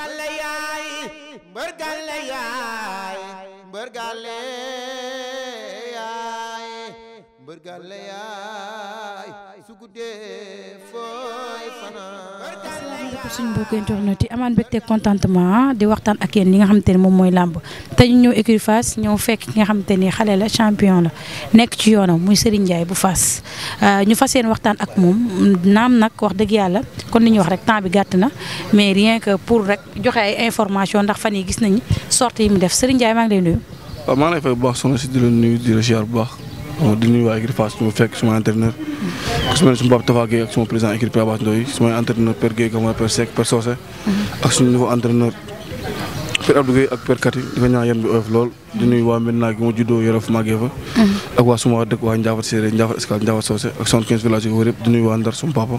gàlle yaay mbër gàlle yaay mbër gàlle yaay mbër suñu mbokku internet yi amaan mbégte contentement di waxtaan ak yéen li nga xamante ne moom mooy làmb te ñu ñëw écurie ñëw fekk ki nga xamante ni xale la champion la nekk ci yoonam muy Serigne Ndiaye bu Fass euh, ñu fas yéen waxtaan ak moom naam nag wax dëgg yàlla kon li ñuy wax rek temps bi gàtt na mais rien que pour rek joxe ay information ndax fan yi gis nañu sorte yi mu def Serigne Ndiaye maa ngi lay nuyu. maa ngi lay fay baax soxna si di la nuyu di la ziar bu baax. di nuyu waa écurie Fass ñu fekk suma entraîneur ku suma papa Tafa Gueye ak suma président écurie Père Abass Ndoye sumay entraîneur Père Gueye Gamara Père Seck Père Socé mhm. ak suñu nouveau entraîneur Père Abdou ak Père Kati di fa ñaan yan bi oyof lool di waa Medina gi ma juddoo yore fu màggee fa mhm. ak waa suma dëkk waa Ndiafat Séré Ndiafat Escale Ndiafat Socé ak soixante-quinze villages yi ko wër yëpp waa Ndar suma papa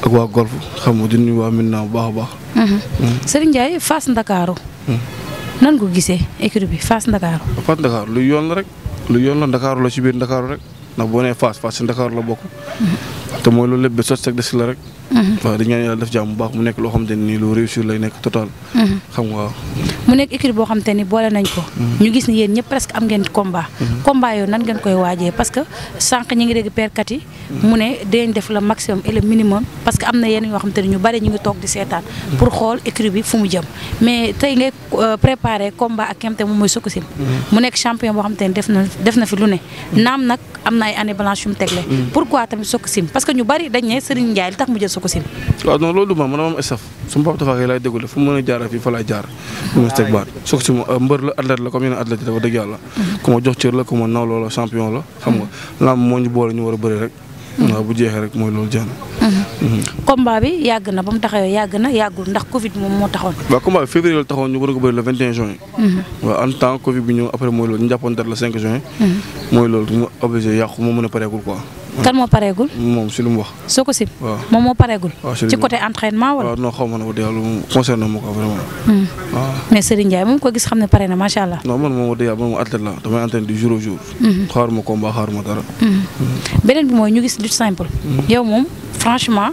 ak waa Golf xam nga waa Medina bu a mhm. lu yoon la ndakaaru ci biir ndakaaru rek ndax boo nee Fass Fass ci ndakaaru bokk. Mm-hmm. te mooy loolu lépp sot sek la rek. Mm-hmm. waaw di ñaan def jàmm bu mu nekk loo xamante ni lu réussir lay nekk total. Mm-hmm. xam waaw. mu nekk équipe boo xam te ni boole nañ ko mm-hmm. ñu gis ni yéen ñëpp presque am ngeen combat mm-hmm. combat yooyu nan ngeen koy waajee parce que sànq ñu ngi dégg perkat yi mm-hmm. mu ne dinañ def la maximum et le minimum parce que am na yenn yoo xam te ni ñu bari ñu ngi toog di seetaan pour xool équipe bi fu mu jëm mais tey ngay euh, préparé combat ak kemte moom mooy Sokocim mu nekk champion boo xam te ni def na def na fi lu ne naam nag am na ay année blanche yu mu tegle pourquoi tamit Sokocim parce que ñu bari dañ a moom estaf su ma papa a jaar fii teg baat soog si ma euh, mbër la athlète la comme yeneen athlète yi dafa dëgg yàlla mhm. ku ma jox cër la ku ma nawloo la champion la xam nga mhm. lamb moo ñu boole ñu war a bëri mhm. rek mooy loolu jeex na bi yàgg na ba mu taxawee yàgg na yàggul ndax Covid moom moo taxoon. waaw combat bi février la taxoon ñu war a bëri le juin. waaw en temps Covid bi ñëw après mooy loolu ñu jàppoon date le 5 juin. mooy loolu mu obligé yàqu moo mën a pareegul quoi. kan moo pareegul. moom si lu mu wax. soo ko sib moom moo pareegul. ci côté entraînement wala. waaw xaw ma ne ko de yàlla moom concerné ma a vraiment. Hmm. waaw mais Serigne Ndiaye moom ko gis xam ne pare na macha allah. non man moom wax dëgg yàlla man moom athlète la damay entraîné du jour au jour. Hmm. xaaruma combat xaaruma dara. Hmm. beneen bi mooy ñu gis lutte simple. yow moom franchement.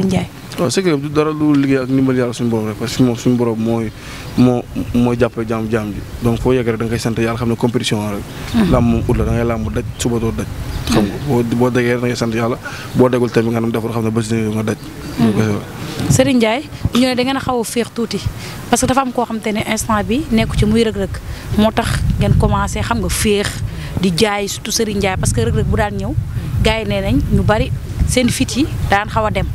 Serigne Ndiaye. waaw secret bi du moo mooy jàppale jaam jaam bi da koy sant yàlla xam ne compétition rek. Hmm. làmb boo boo degee da ngay hmm. euh, da ngeen a xaw a féex tuuti parce que dafa am koo xam te ne instant bi nekku ci muy rëg-rëg moo tax ngeen commencé xam nga féex di jaay surtout Serigne Ndiaye parce que rëg-rëg bu daan ñëw gars yi nee nañ ñu bari seen fit yi daan xaw dem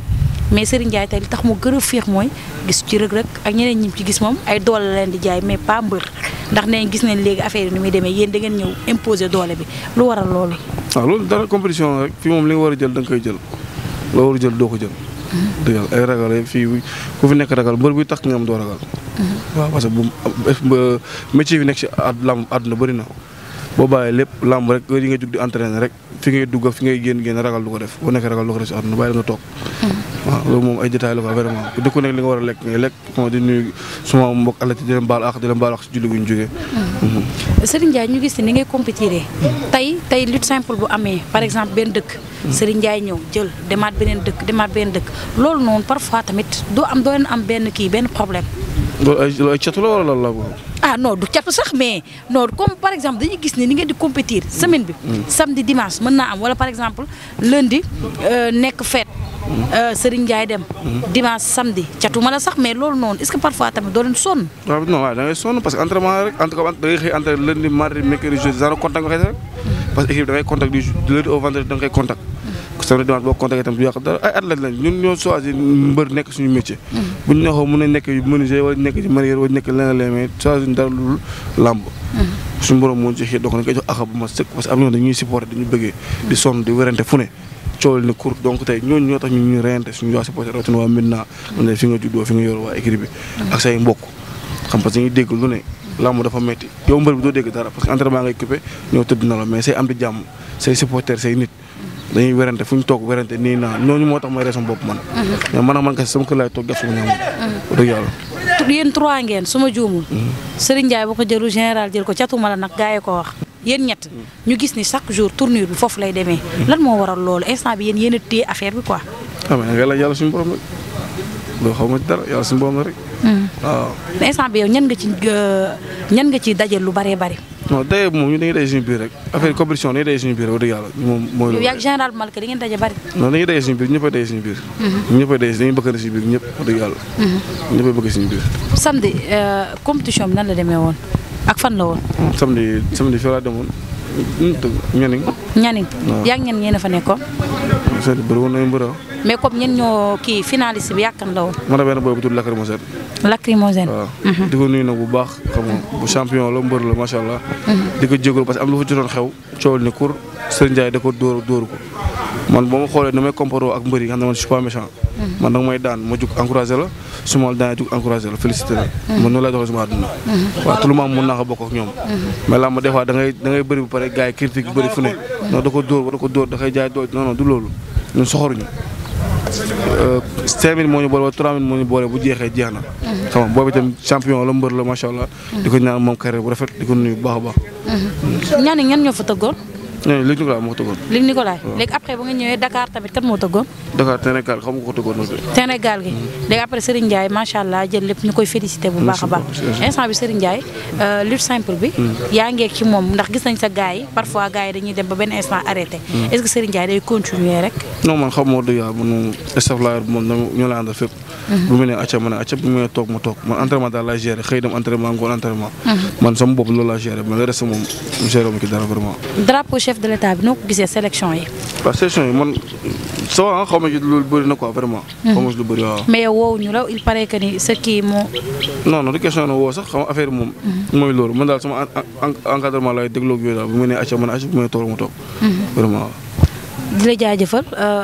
mais Serigne Ndiaye tey li tax mu gën a mooy gis ci Reug rek ak ñeneen ñi ci gis moom ay doole leen di jaay mais pas mbër ndax nee gis nañ léegi affaire yi ni muy demee yéen da ngeen ñëw imposer doole bi lu waral loolu. waaw loolu dara compétition rek fi moom li nga war a jël danga koy jël loo war jël doo ko jël. dëgg ay ragal fii ku fi nekk ragal mbër bi tax nga am doo ragal. Mm-hmm. waaw parce que bu métier bi nekk ci àdduna bëri na. boo bàyyee lépp làmb rek heure yi nga jug di entraîner rek fi ngay dugg fi ngay génn génn ragal du ko def boo nekkee ragal du ko def si àdduna bàyyi nga toog. Mm-hmm. waaw loolu moom ay détails la quoi vraiment ku dëkku nekk li nga war a lekk ngay lekk xam di nuyu suma mbokk àll ci di leen baal àq di leen baal àq si julli gu ñu jógee. Mm-hmm. Serigne Ndiaye ñu gis ni ngay compétiré tey tey lutte simple bu amee par exemple benn dëkk. Mm-hmm. Serigne Ndiaye ñëw jël demaat beneen dëkk demaat beneen dëkk loolu noonu parfois tamit doo am doo leen am benn kii benn problème. loolu ay loolu ay catu la wala lan la ah non du catu sax mais non comme par exemple dañuy gis ni ngeen di compétir semaine bi. Mm. samedi dimanche mën naa am wala par exemple lundi euh, nekk fête. Mm. Euh, Serigne Ndiaye dem. Mm. dimanche samedi catu ma sax mais loolu noonu est ce que parfois tamit doo leen sonn. waaw non waaw da ngay sonn parce que entraînement rek en tout cas da ngay xëy entraîné lundi mardi mercredi jeudi genre contact nga xëy rek. parce que équipe da contact du lundi au vendredi da contact. parce que dimanche boo contacté itam du yàq dara ay athlètes lañ ñun ñoo choisir mbër nekk suñu métier. bu ñu neexoo a nekk menuisier wala nekk leneen leneen mais choisir dara lu moo ci xiir donc dañ koy jox axa bu ma sëkk ñoo tax ñu ñuy reyante suñu waa xam ne fi nga dégg lu ne. dafa metti yow mbër bi doo dégg dara parce que entraînement ngay coupé ñoo tëdd na la mais say am di jàmm say supporter say nit dañuy werante fu ñu toog werante nii naa ñooñu moo tax may reesam bopp man. Mhm. mais man ak man kese sama kër laay toog def sama ñaam. wax dëgg yàlla. yéen trois ngeen su ma juumul. Mhm. Serigne boo ko jëlu général jël ko catuma la nag gaa ko wax. yéen ñett mhm. ñu gis ni chaque jour tournure bi foofu lay deme lan moo waral loolu instant bi yéen yéen a téye affaire bi ko ah mais nga la yàlla suñu borom rek loo xaw ma ci dara yàlla suñu borom rek. instant bi yow ñan nga ci euh, ñan nga ci dajal lu baree bari. non daye moom ñu dañuy rek affaire compétition dañuy daje suñu biir wax yow yaa général Malika di ngeen daje bari non dañuy daje suñu biir ñëpp a daje suñu biir mhm. ñëpp a daje dañuy bëkkante suñu biir ñëpp mhm. a euh, la demee woon ak fan la woon hmm, samedi samedi demoon ñaning ñaning yaa ngi ñan ñeena fa nekkoon seet bëri woon nañu mbëra mais comme ñen ñoo kii finaliste bi yàkkan la woon man a benn booy bu tudd lacrymogène lacrymogène waaw mhm. di ko nuyu nag bu baax xam nga bu champion la mbër la macha allah mhm. di ko jégalu parce que am lu fa jotoon xew coowal ni kur Serigne Ndiaye da ko dóor dóoru ko man boo xoolee ni may comparé ak mbër yi man je suis pas Mm-hmm. man nag may daan ma jug encouragé la su la félicité la mm-hmm. man noonu lay doxee suma àdduna mm-hmm. waaw tout ma am mën naa ko bokk ak ñoom mais làmb des fois da ngay da ngay bëri bu pare gars yi critique bëri fu ne non da ko dóor ba da ko jaay dooj non du loolu ñun soxoruñu euh, cinq mille moo ñu boole wala trois mille moo ñu boole bu jeexee jeex na. xam boobu tam champion la mbër la macha allah. di ko ñaan moom carré bu rafet di ko nuyu bu baax a baax. ñaan ñoo fa ñooñu eh, moo ko tëggoon. Luc léegi après ba nga ñëwee Dakar tamit kat moo tëggoon. Dakar Sénégal xam nga ko mm-hmm. léegi après Serigne Ndiaye macha allah jël lépp ñu koy félicité bu baax baax. instant bi Serigne Ndiaye euh, lutte simple bi. Mm-hmm. yaa ngeeg ci moom ndax gis nañ sa gars parfois gars dañuy dem ba benn instant arrêté. Mm-hmm. est ce que day continuer rek. non man xam nga du yàlla man staff laa bu mu ma toog ma toog man entraînement daal laa géré xëy dem entraînement ngoon entraînement. man sama bopp loolu laa géré man le reste moom chef de l'état bi noo ko gisee sélection yi. sélection yi man soo ah xaw ma ji lu bëri na quoi vraiment. Hmm. xaw ma lu bëri waaw. mais woowu ñu la il paraît que ni sa kii moo. non non du question na woo sax xam affaire moom. Hmm. mooy loolu man daal sama encadrement laay dégloo ak yooyu daal bu ma nee acca man acca bu ma nee tool toog. Hmm. vraiment di la jaajëfal. Euh,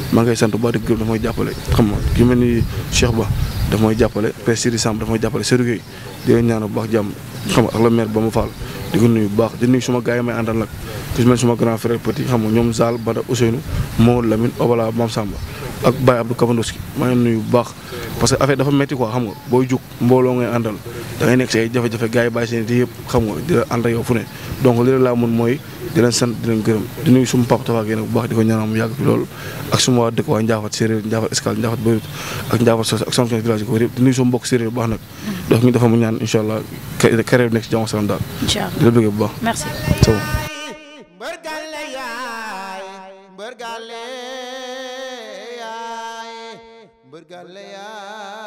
maa ngi koy sant bu baax di gërëm daf may jàppale xam nga ki mel ni Cheikh Ba jàppale Père Siri Samb daf may jàppale Seydou Gueye di leen ñaanal xam nga ak la mu faal di ko baax di nuyu suma gars yi may àndal nag ku suma grand frère petit xam nga ñoom ba Bada Ousseynou Mo Lamine Obala Mam Samba ak Baye Abdou Kabandoski maa ngi nuyu bu baax parce que affaire dafa métti am xam nga boo jug mbooloo ngay àndal da ngay nekk si ay jafe-jafe gars yi bàyyi seen yëpp xam nga di la ànd ak yow fu ne donc li la laa mën mooy di leen sant di leen gërëm di nuyu suma papa tabaak yéen bu baax di ko ñaanal mu yàgg fi lool ak suma waa dëkk waa Njaafat séeréer Njaafat Escale Njaafat Bërut ak Njaafat Sos ak samson village ko yëpp di nuyu suma bu baax nag dox ñu dafa mu ñaan incha allah carrière bi nekk ci